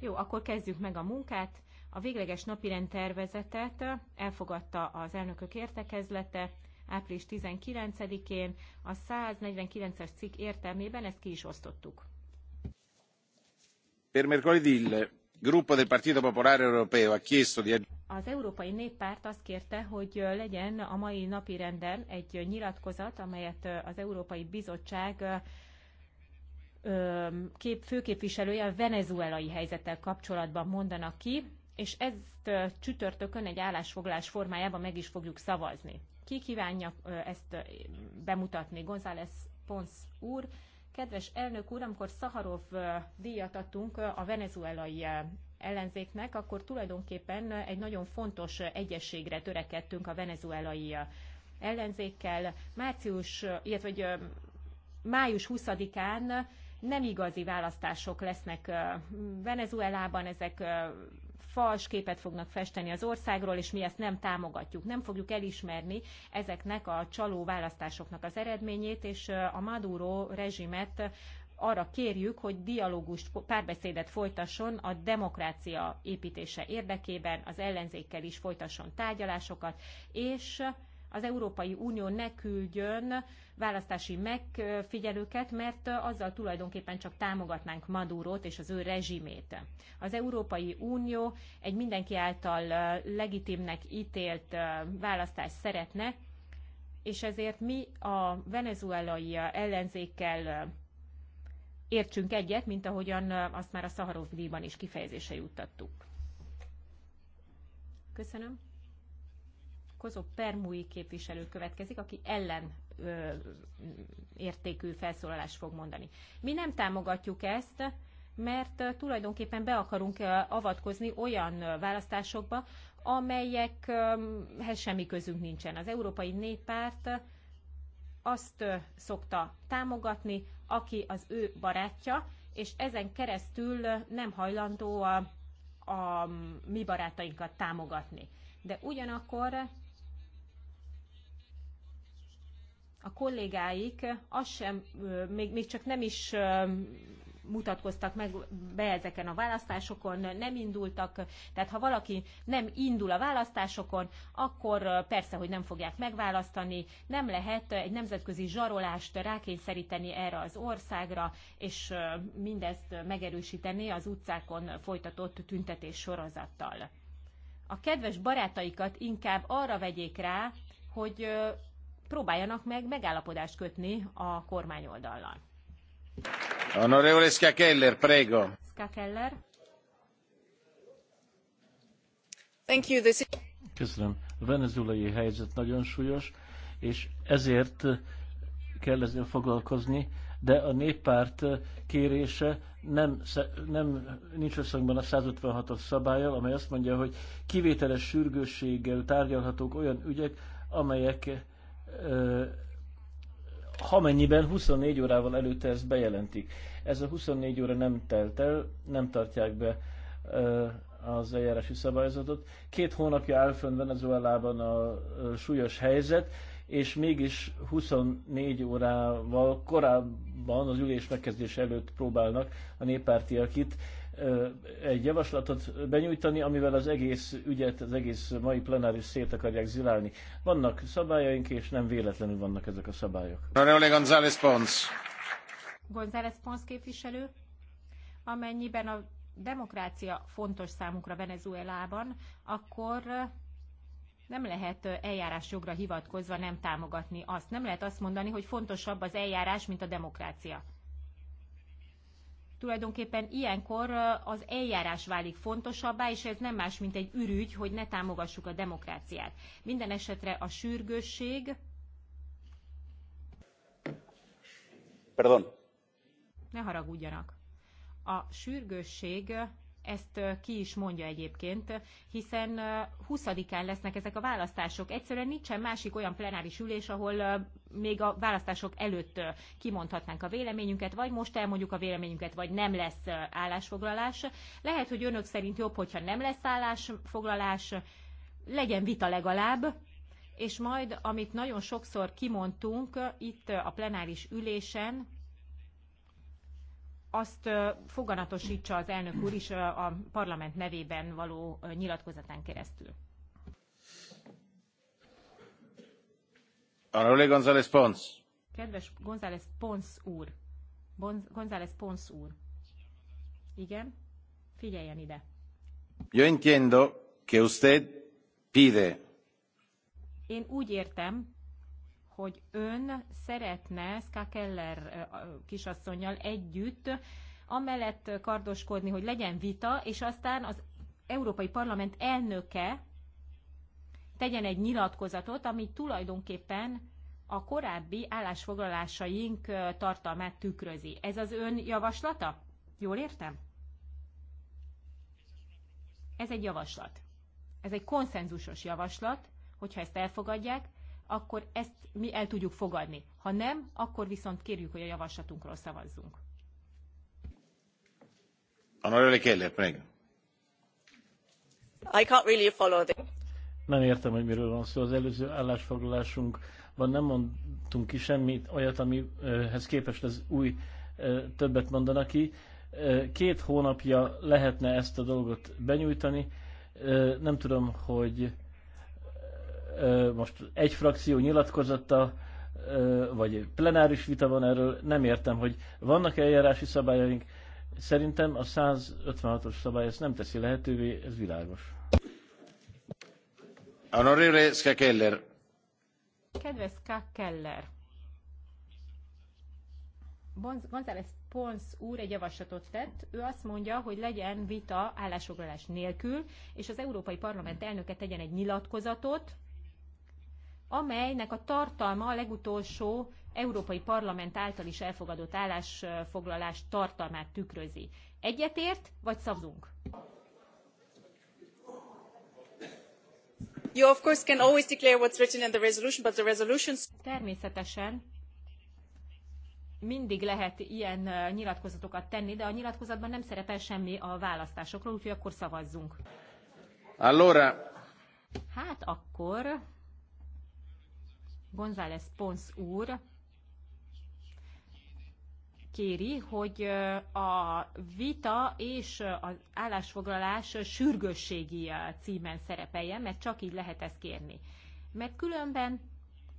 Jó, akkor kezdjük meg a munkát. A végleges napirend tervezetet elfogadta az elnökök értekezlete április 19-én. A 149-es cikk értelmében ezt ki is osztottuk. Per mercoledì il gruppo del Partito Popolare Europeo ha chiesto di az Európai Néppárt azt kérte, hogy legyen a mai renden egy nyilatkozat, amelyet az Európai Bizottság kép, főképviselője a venezuelai helyzettel kapcsolatban mondanak ki, és ezt csütörtökön egy állásfoglalás formájában meg is fogjuk szavazni. Ki kívánja ezt bemutatni? González Pons úr. Kedves elnök úr, amikor Szaharov díjat adtunk a venezuelai ellenzéknek, akkor tulajdonképpen egy nagyon fontos egyességre törekedtünk a venezuelai ellenzékkel. Március, illetve május 20-án nem igazi választások lesznek Venezuelában, ezek fals képet fognak festeni az országról, és mi ezt nem támogatjuk. Nem fogjuk elismerni ezeknek a csaló választásoknak az eredményét, és a Maduro rezsimet arra kérjük, hogy dialógust, párbeszédet folytasson a demokrácia építése érdekében, az ellenzékkel is folytasson tárgyalásokat, és az Európai Unió ne küldjön választási megfigyelőket, mert azzal tulajdonképpen csak támogatnánk Madurót és az ő rezsimét. Az Európai Unió egy mindenki által legitimnek ítélt választást szeretne, és ezért mi a venezuelai ellenzékkel értsünk egyet, mint ahogyan azt már a Szaharov díjban is kifejezése juttattuk. Köszönöm tiltakozó permúi képviselő következik, aki ellen ö, értékű felszólalást fog mondani. Mi nem támogatjuk ezt, mert tulajdonképpen be akarunk avatkozni olyan választásokba, amelyekhez semmi közünk nincsen. Az Európai Néppárt azt szokta támogatni, aki az ő barátja, és ezen keresztül nem hajlandó a, a mi barátainkat támogatni. De ugyanakkor a kollégáik az sem, még, még csak nem is mutatkoztak meg be ezeken a választásokon, nem indultak, tehát ha valaki nem indul a választásokon, akkor persze, hogy nem fogják megválasztani, nem lehet egy nemzetközi zsarolást rákényszeríteni erre az országra, és mindezt megerősíteni az utcákon folytatott tüntetés sorozattal. A kedves barátaikat inkább arra vegyék rá, hogy próbáljanak meg megállapodást kötni a kormány oldallal. Honorevole Skakeller, prego. Skakeller. Thank you. This... Köszönöm. A venezuelai helyzet nagyon súlyos, és ezért kell ezzel foglalkozni, de a néppárt kérése nem, nem nincs összhangban a 156-os szabályal, amely azt mondja, hogy kivételes sürgősséggel tárgyalhatók olyan ügyek, amelyek ha mennyiben 24 órával előtte ezt bejelentik. Ez a 24 óra nem telt el, nem tartják be az eljárási szabályzatot. Két hónapja áll fönn Venezuelában a súlyos helyzet, és mégis 24 órával korábban az ülés megkezdés előtt próbálnak a néppártiak itt egy javaslatot benyújtani, amivel az egész ügyet, az egész mai plenáris szét akarják zilálni. Vannak szabályaink, és nem véletlenül vannak ezek a szabályok. Honorable González Pons. González Pons képviselő, amennyiben a demokrácia fontos számukra Venezuelában, akkor nem lehet eljárásjogra hivatkozva nem támogatni azt. Nem lehet azt mondani, hogy fontosabb az eljárás, mint a demokrácia tulajdonképpen ilyenkor az eljárás válik fontosabbá, és ez nem más, mint egy ürügy, hogy ne támogassuk a demokráciát. Minden esetre a sürgősség. Pardon. Ne haragudjanak. A sürgősség ezt ki is mondja egyébként, hiszen 20-án lesznek ezek a választások. Egyszerűen nincsen másik olyan plenáris ülés, ahol még a választások előtt kimondhatnánk a véleményünket, vagy most elmondjuk a véleményünket, vagy nem lesz állásfoglalás. Lehet, hogy önök szerint jobb, hogyha nem lesz állásfoglalás, legyen vita legalább, és majd, amit nagyon sokszor kimondtunk itt a plenáris ülésen, azt foganatosítsa az elnök úr is a parlament nevében való nyilatkozatán keresztül. Honorable González Pons. Kedves González Pons úr. Bon, González Pons úr. Igen? Figyeljen ide. Yo entiendo que usted pide. Én úgy értem, hogy ön szeretne Ska Keller kisasszonyjal együtt amellett kardoskodni, hogy legyen vita, és aztán az Európai Parlament elnöke tegyen egy nyilatkozatot, ami tulajdonképpen a korábbi állásfoglalásaink tartalmát tükrözi. Ez az ön javaslata? Jól értem? Ez egy javaslat. Ez egy konszenzusos javaslat, hogyha ezt elfogadják, akkor ezt mi el tudjuk fogadni. Ha nem, akkor viszont kérjük, hogy a javaslatunkról szavazzunk. Honorable Keller, prego. I can't really follow this. Nem értem, hogy miről van szó. Az előző állásfoglalásunkban nem mondtunk ki semmit olyat, amihez képest az új többet mondanak ki. Két hónapja lehetne ezt a dolgot benyújtani. Nem tudom, hogy most egy frakció nyilatkozata, vagy plenáris vita van erről, nem értem, hogy vannak eljárási szabályaink. Szerintem a 156-os szabály ezt nem teszi lehetővé, ez világos. Honorére Skakeller. Kedves Skakeller. González Pons úr egy javaslatot tett. Ő azt mondja, hogy legyen vita állásfoglalás nélkül, és az Európai Parlament elnöke tegyen egy nyilatkozatot, amelynek a tartalma a legutolsó Európai Parlament által is elfogadott állásfoglalás tartalmát tükrözi. Egyetért, vagy szavazunk? You of course can always declare what's written in the resolution, but the resolutions... Természetesen mindig lehet ilyen uh, nyilatkozatokat tenni, de a nyilatkozatban nem szerepel semmi a választásokról, úgyhogy akkor szavazzunk. Allora. Hát akkor González Pons úr kéri, hogy a vita és az állásfoglalás sürgősségi címen szerepeljen, mert csak így lehet ezt kérni. Mert különben,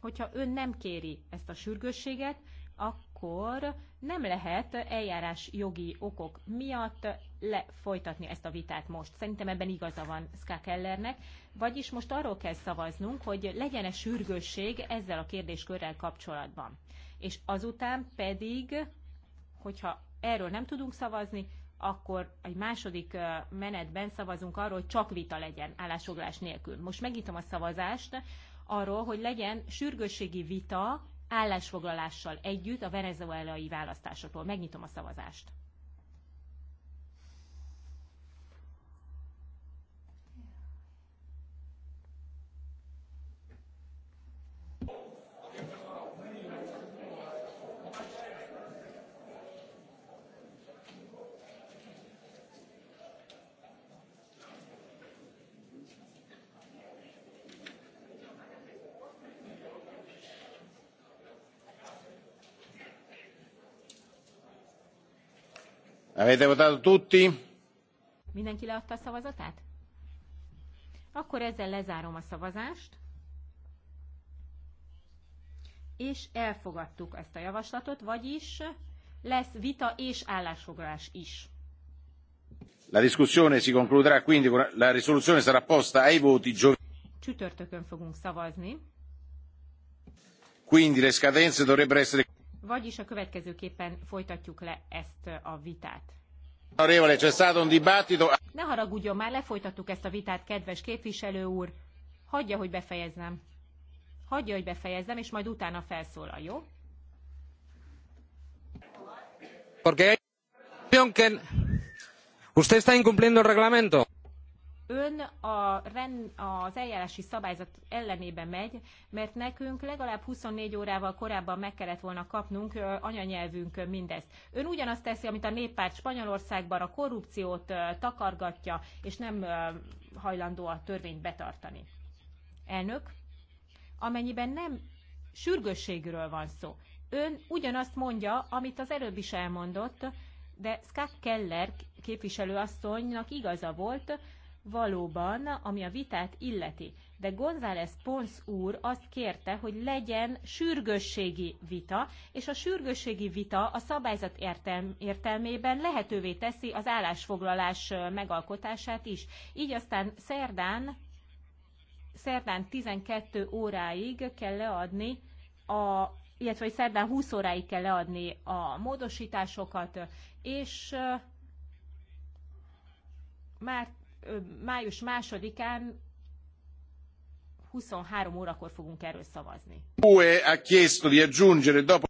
hogyha ön nem kéri ezt a sürgősséget, akkor akkor nem lehet eljárás jogi okok miatt lefolytatni ezt a vitát most. Szerintem ebben igaza van Ska Kellernek, vagyis most arról kell szavaznunk, hogy legyen-e sürgősség ezzel a kérdéskörrel kapcsolatban. És azután pedig, hogyha erről nem tudunk szavazni, akkor egy második menetben szavazunk arról, hogy csak vita legyen állásfoglás nélkül. Most megnyitom a szavazást arról, hogy legyen sürgősségi vita állásfoglalással együtt a venezuelai választásokról. Megnyitom a szavazást. Avete votato tutti? Mindenki leadta a szavazatát? Akkor ezzel lezárom a szavazást. És elfogadtuk ezt a javaslatot, vagyis lesz vita és állásfoglalás is. La discussione si concluderà quindi con la risoluzione sarà posta ai voti giovedì. Csütörtökön fogunk szavazni. Quindi le scadenze dovrebbero essere vagyis a következőképpen folytatjuk le ezt a vitát. Ne haragudjon már, lefolytattuk ezt a vitát, kedves képviselő úr. Hagyja, hogy befejezzem. Hagyja, hogy befejezzem, és majd utána felszólal, jó? Porque usted está incumpliendo el reglamento ön a rend az eljárási szabályzat ellenébe megy, mert nekünk legalább 24 órával korábban meg kellett volna kapnunk anyanyelvünkön mindezt. Ön ugyanazt teszi, amit a néppárt Spanyolországban a korrupciót takargatja, és nem hajlandó a törvényt betartani. Elnök, amennyiben nem sürgősségről van szó. Ön ugyanazt mondja, amit az előbb is elmondott, de Scott Keller képviselőasszonynak igaza volt, valóban, ami a vitát illeti. De González Pons úr azt kérte, hogy legyen sürgősségi vita, és a sürgősségi vita a szabályzat értelm- értelmében lehetővé teszi az állásfoglalás megalkotását is. Így aztán szerdán, szerdán 12 óráig kell leadni a illetve hogy szerdán 20 óráig kell leadni a módosításokat, és már május másodikán 23 órakor fogunk erről szavazni.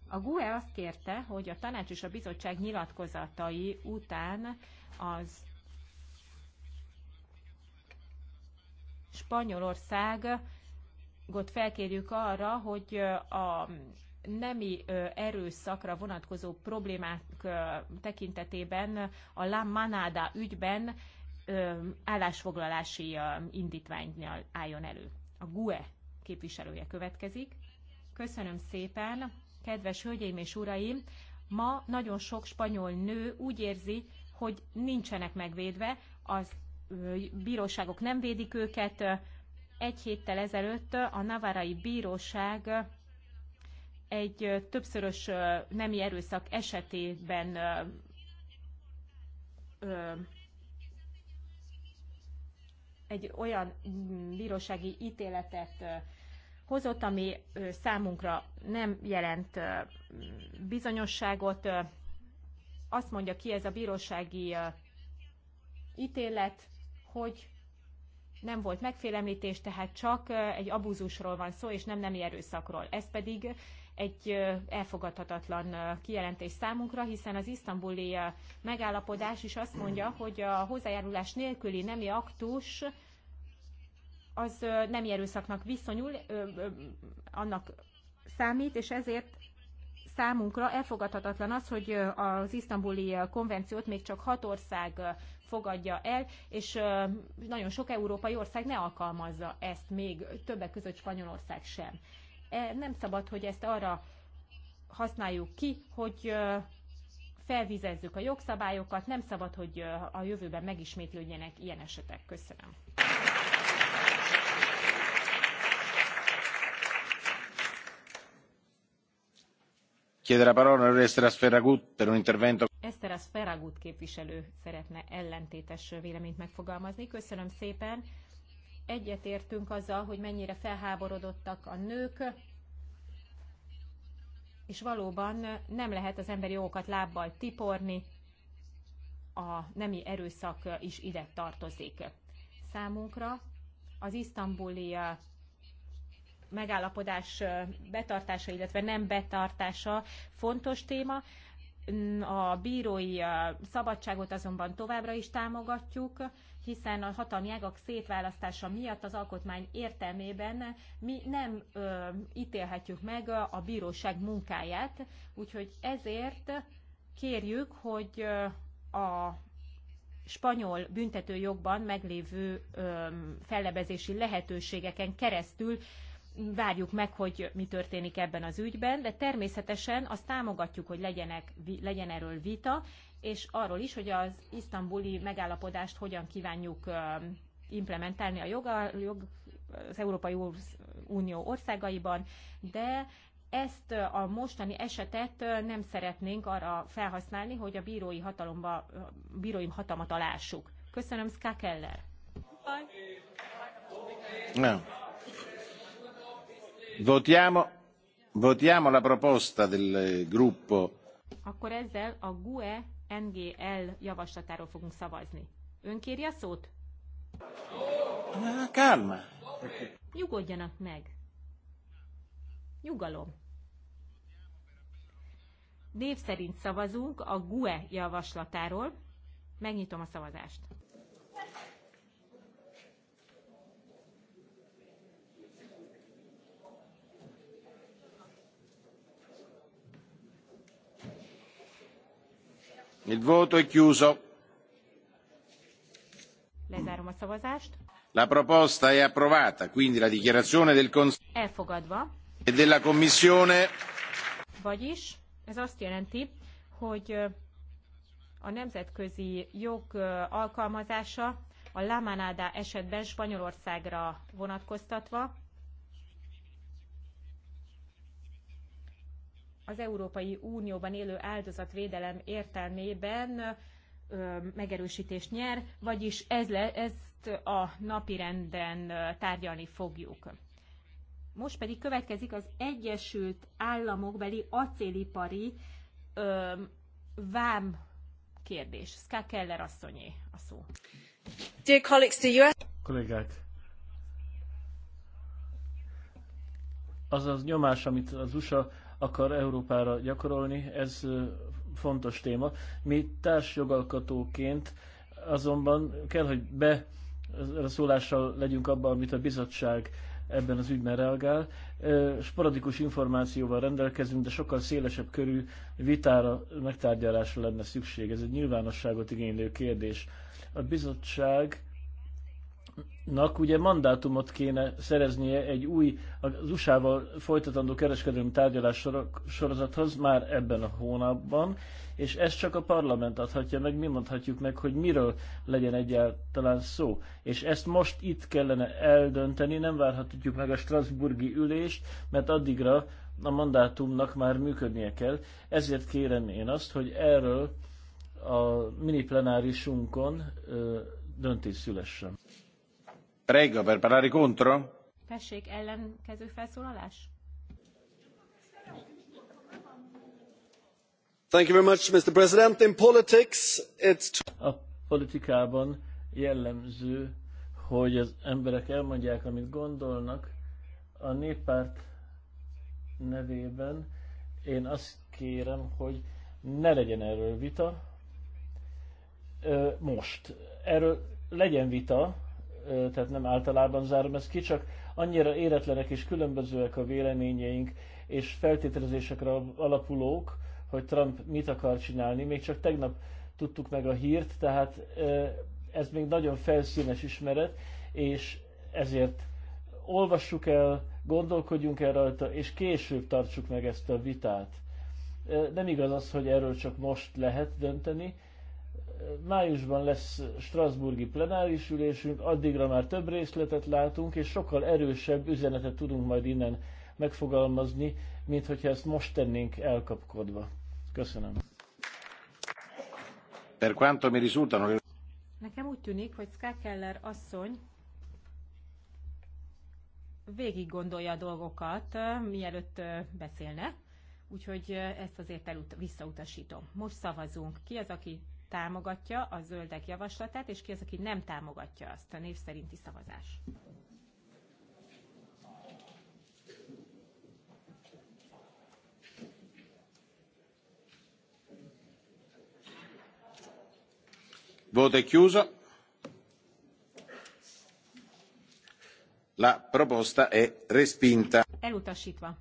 A GUE azt kérte, hogy a tanács és a bizottság nyilatkozatai után az Spanyolországot felkérjük arra, hogy a nemi erőszakra vonatkozó problémák tekintetében a La Manada ügyben állásfoglalási indítvány álljon elő. A GUE képviselője következik. Köszönöm szépen, kedves hölgyeim és uraim! Ma nagyon sok spanyol nő úgy érzi, hogy nincsenek megvédve, az bíróságok nem védik őket. Egy héttel ezelőtt a Navarai Bíróság egy többszörös nemi erőszak esetében egy olyan mm, bírósági ítéletet hozott, ami számunkra nem jelent bizonyosságot. Azt mondja ki ez a bírósági ítélet, hogy nem volt megfélemlítés, tehát csak egy abúzusról van szó, és nem nemi erőszakról. Ez pedig egy elfogadhatatlan kijelentés számunkra, hiszen az isztambuli megállapodás is azt mondja, hogy a hozzájárulás nélküli nemi aktus az nem erőszaknak viszonyul, annak számít, és ezért számunkra elfogadhatatlan az, hogy az isztambuli konvenciót még csak hat ország fogadja el, és nagyon sok európai ország ne alkalmazza ezt még, többek között Spanyolország sem. E, nem szabad, hogy ezt arra használjuk ki, hogy felvizezzük a jogszabályokat, nem szabad, hogy a jövőben megismétlődjenek ilyen esetek. Köszönöm. Chiede la parola Esteras Ferragut per un intervento. Esteras Ferragut képviselő szeretne ellentétes véleményt megfogalmazni. Köszönöm szépen egyetértünk azzal, hogy mennyire felháborodottak a nők, és valóban nem lehet az emberi jogokat lábbal tiporni, a nemi erőszak is ide tartozik. Számunkra az isztambuli megállapodás betartása, illetve nem betartása fontos téma. A bírói szabadságot azonban továbbra is támogatjuk, hiszen a hatalmi ágak szétválasztása miatt az alkotmány értelmében mi nem ö, ítélhetjük meg a bíróság munkáját, úgyhogy ezért kérjük, hogy a spanyol büntetőjogban meglévő ö, fellebezési lehetőségeken keresztül várjuk meg, hogy mi történik ebben az ügyben, de természetesen azt támogatjuk, hogy legyenek, legyen erről vita, és arról is, hogy az isztambuli megállapodást hogyan kívánjuk implementálni a joga, jog, az Európai Unió országaiban, de ezt a mostani esetet nem szeretnénk arra felhasználni, hogy a bírói, hatalomba, bírói hatalmat alássuk. Köszönöm, Ska Keller. Nem. Votiamo, la proposta del gruppo. Akkor ezzel a GUE NGL javaslatáról fogunk szavazni. Ön kéri a szót? Na, kálma. Nyugodjanak meg. Nyugalom. Név szerint szavazunk a GUE javaslatáról. Megnyitom a szavazást. Lezárom a szavazást. La proposta è approvata, quindi la dichiarazione del Consiglio e della Commissione. Vagyis ez azt jelenti, hogy a nemzetközi jog alkalmazása a Lamanada esetben Spanyolországra vonatkoztatva az Európai Unióban élő áldozatvédelem értelmében ö, megerősítést nyer, vagyis ez le, ezt a napirenden tárgyalni fogjuk. Most pedig következik az Egyesült Államokbeli acélipari ö, vám kérdés. Ska Keller asszonyé a szó. Dear colleagues, the US... Kollégák, az az nyomás, amit az USA akar Európára gyakorolni, ez fontos téma. Mi társjogalkatóként azonban kell, hogy be szólással legyünk abban, amit a bizottság ebben az ügyben reagál. Sporadikus információval rendelkezünk, de sokkal szélesebb körű vitára, megtárgyalásra lenne szükség. Ez egy nyilvánosságot igénylő kérdés. A bizottság nak ugye mandátumot kéne szereznie egy új, az USA-val folytatandó kereskedelmi tárgyalás sorozathoz már ebben a hónapban, és ezt csak a parlament adhatja meg, mi mondhatjuk meg, hogy miről legyen egyáltalán szó. És ezt most itt kellene eldönteni, nem várhatjuk meg a Strasburgi ülést, mert addigra a mandátumnak már működnie kell. Ezért kérem én azt, hogy erről a mini plenárisunkon döntés szülessen. Prego, per parlare contro? Tessék, ellenkező felszólalás? Thank you very much, Mr. President. In politics, it's... A politikában jellemző, hogy az emberek elmondják, amit gondolnak. A néppárt nevében én azt kérem, hogy ne legyen erről vita. Most. Erről legyen vita, tehát nem általában zárom ezt ki, csak annyira éretlenek és különbözőek a véleményeink, és feltételezésekre alapulók, hogy Trump mit akar csinálni. Még csak tegnap tudtuk meg a hírt, tehát ez még nagyon felszínes ismeret, és ezért olvassuk el, gondolkodjunk el rajta, és később tartsuk meg ezt a vitát. Nem igaz az, hogy erről csak most lehet dönteni, májusban lesz Strasburgi plenáris ülésünk, addigra már több részletet látunk, és sokkal erősebb üzenetet tudunk majd innen megfogalmazni, mint hogyha ezt most tennénk elkapkodva. Köszönöm. Per quanto mi risultano... Nekem úgy tűnik, hogy Skakeller asszony végig gondolja a dolgokat, mielőtt beszélne, úgyhogy ezt azért elut- visszautasítom. Most szavazunk. Ki az, aki támogatja a zöldek javaslatát, és ki az, aki nem támogatja azt a név szerinti szavazás. Voto chiuso. La proposta è respinta. Elutasítva.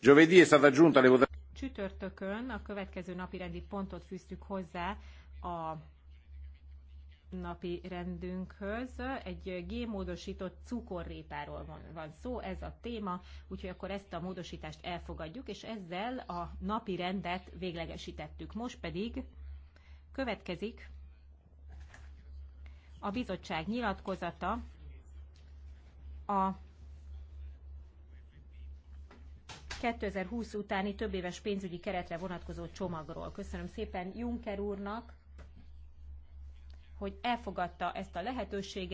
Giovedì è stata aggiunta le votazioni csütörtökön a következő napi rendi pontot fűztük hozzá a napi rendünkhöz. Egy gémódosított cukorrépáról van, van szó, ez a téma, úgyhogy akkor ezt a módosítást elfogadjuk, és ezzel a napi rendet véglegesítettük. Most pedig következik a bizottság nyilatkozata a 2020 utáni többéves pénzügyi keretre vonatkozó csomagról. Köszönöm szépen Juncker úrnak, hogy elfogadta ezt a lehetőséget.